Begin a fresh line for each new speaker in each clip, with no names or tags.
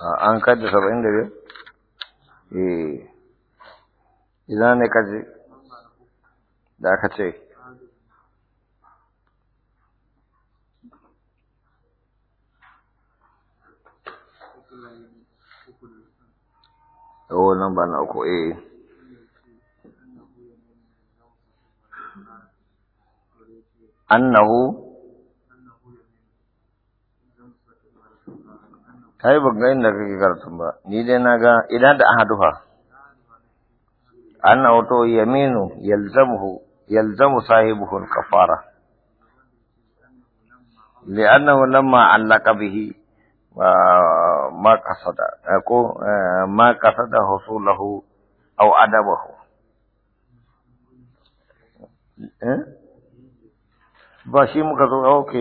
an kadda saba'in da biyar? eh idan ne kaji da aka ce Oh, nan ba na uku, eh. Annahu kai ban ga inda kake karatun ba ni dai na ga idan da ahaduha anna wato yaminu yalzamuhu yalzamu sahibuhu al-kafara لأنه لما علق به ما قصد ما قصد حصوله أو أدبه ba shi muka zo ɗauke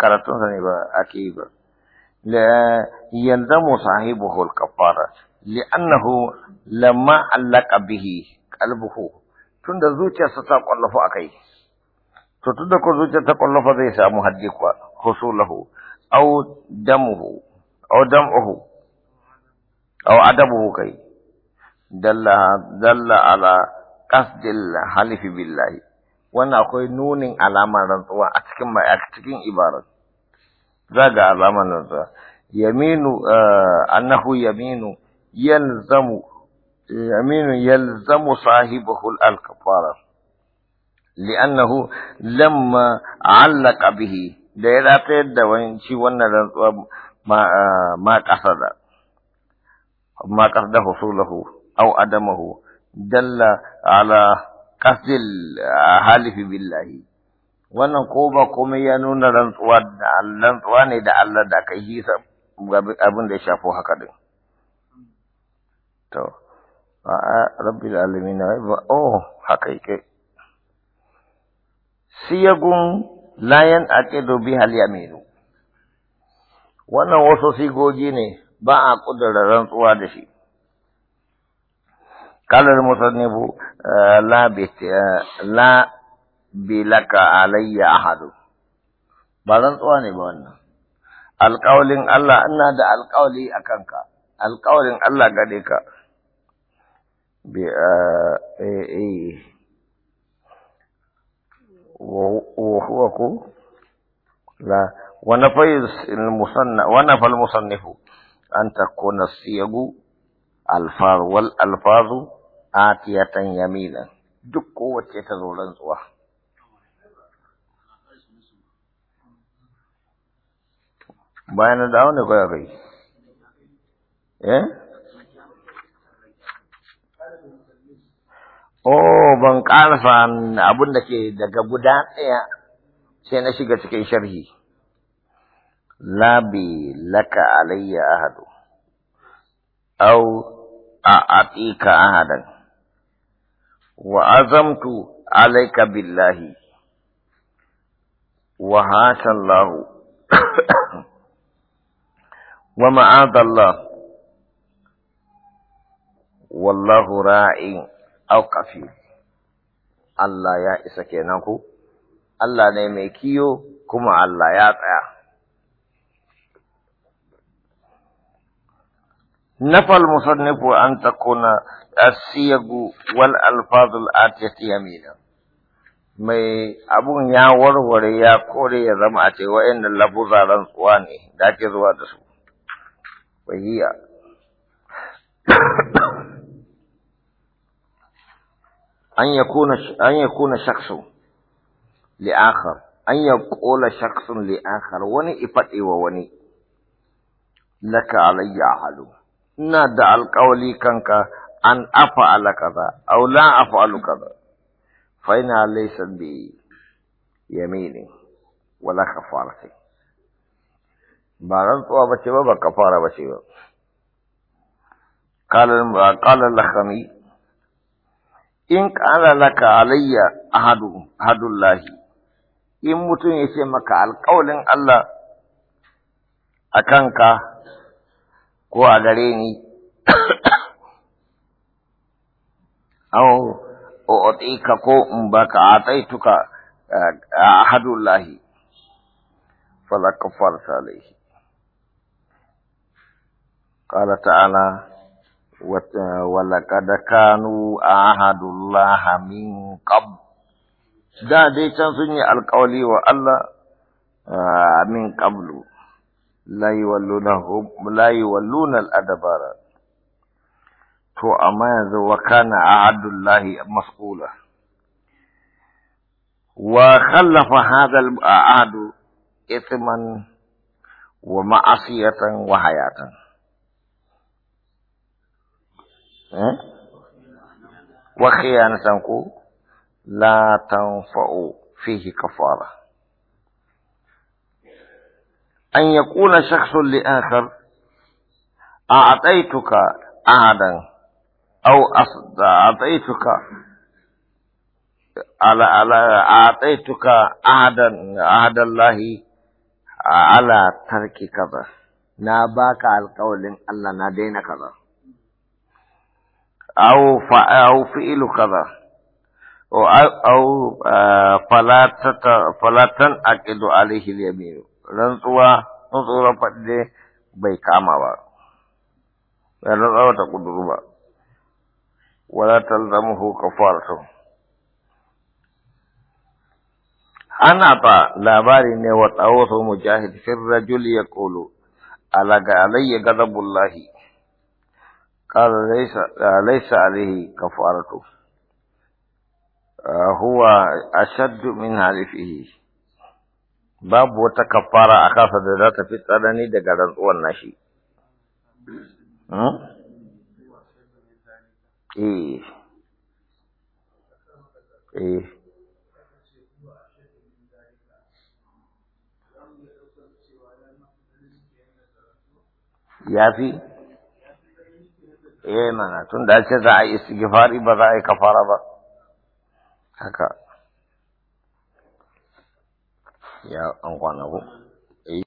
karatunsa ne ba ake yi ba لا يلزم صاحبه الكفارة لأنه لما علق به قلبه تند زوجة ستقلف أكي تند زوجة تقلف ذي سامو حديك حصوله أو دمه أو دمه أو أدبه كي دل, دل على قصد الحلف بالله وانا أقول نون على ما رضوا أتكم أتكين إبارة زاد على من يمين أنه يمين يلزم يمين يلزم صاحبه الكفارة لأنه لما علق به ديرات الدوين شي ون ما ما قصد ما قصد حصوله أو عدمه دل على قصد الحالف بالله wannan ko ba komai ya nuna rantsuwa da rantsuwa ne da Allah da aka yi abin da ya shafo haka din to a rabbil alamin ba oh haka yake siyagun layan aqidu bi hal yaminu wannan wasu sigogi ne ba a kudura rantsuwa da shi Kalar المصنف eh, la بت... Eh, la. bilaka alayya ahadu ba rantsuwa ne ba wannan alƙawalin Allah ina da alƙawali a kanka alƙawalin Allah gare ka bi eh, eh, eh. wa huwa ku la wa nafayis musanna wa nafal musannifu an kona siyagu alfaz wal alfazu atiyatan yamina duk kowace ta zo rantsuwa bayan da dawo ne kawai kai eh oh ban karfa abun da ke daga guda ɗaya sai na shiga cikin sharhi labi laka alayya ahadu au a atika ahadan wa azamtu alayka billahi wa hasallahu wa ma'adallah wallahu ra'in aw kafi Allah ya isa kenan ku Allah ne mai kiyo kuma Allah ya tsaya nafal musannifu an takuna asiyagu wal alfadul atiyati yamina mai abun ya warware ya kore ya zama a ce labu zaren tsuwa ne da ake zuwa da su وهي أن يكون أن يكون شخص لآخر أن يقول شخص لآخر وني إفتي إيوه ووني لك علي عهد نادى القولي كنك أن أفعل كذا أو لا أفعل كذا فإنها ليست بيميني ولا كفارتي بارنت وا بچو با کفاره بچو قال قال لخمي ان قال لك علي احد احد الله ان متن يسي مك القول الله اكنك كو غريني او اوتيك كو امبك اعطيتك آه، احد الله فلا كفرت عليه قال تعالى ولقد كانوا عهد الله من قبل دا دي كان سني القولي والله آه، من قبل لا يولونهم لا يولون الادبار تو اما وكان عهد الله مسقولا وخلف هذا العهد اثما ومعصيه وحياه إيه؟ وخيانتكم لا تنفع فيه كفارة أن يكون شخص لآخر أعطيتك أهدا أو أصد أعطيتك على على أعطيتك أهدا عهد الله على ترك كذا نباك القول أن لا na كذا أو أو فعل کدا أو فلا فلاتن تنعقد عليه اليمين رنسوا نصورة فدي بيكاما رنسوا تقدر ولا تلزمه كفارته انا با labari ne wa tsawo mujahid fi rajul ya kolo alaga alayya قال ليس ليس عليه كفارته هو أشد من حلفه باب وتكفارة أخاف ذات في الثاني دقال والنشي إيه إيه يا في eh mana tun da ce za a yi istighfari ba za a yi kafara ba haka ya an kwana ku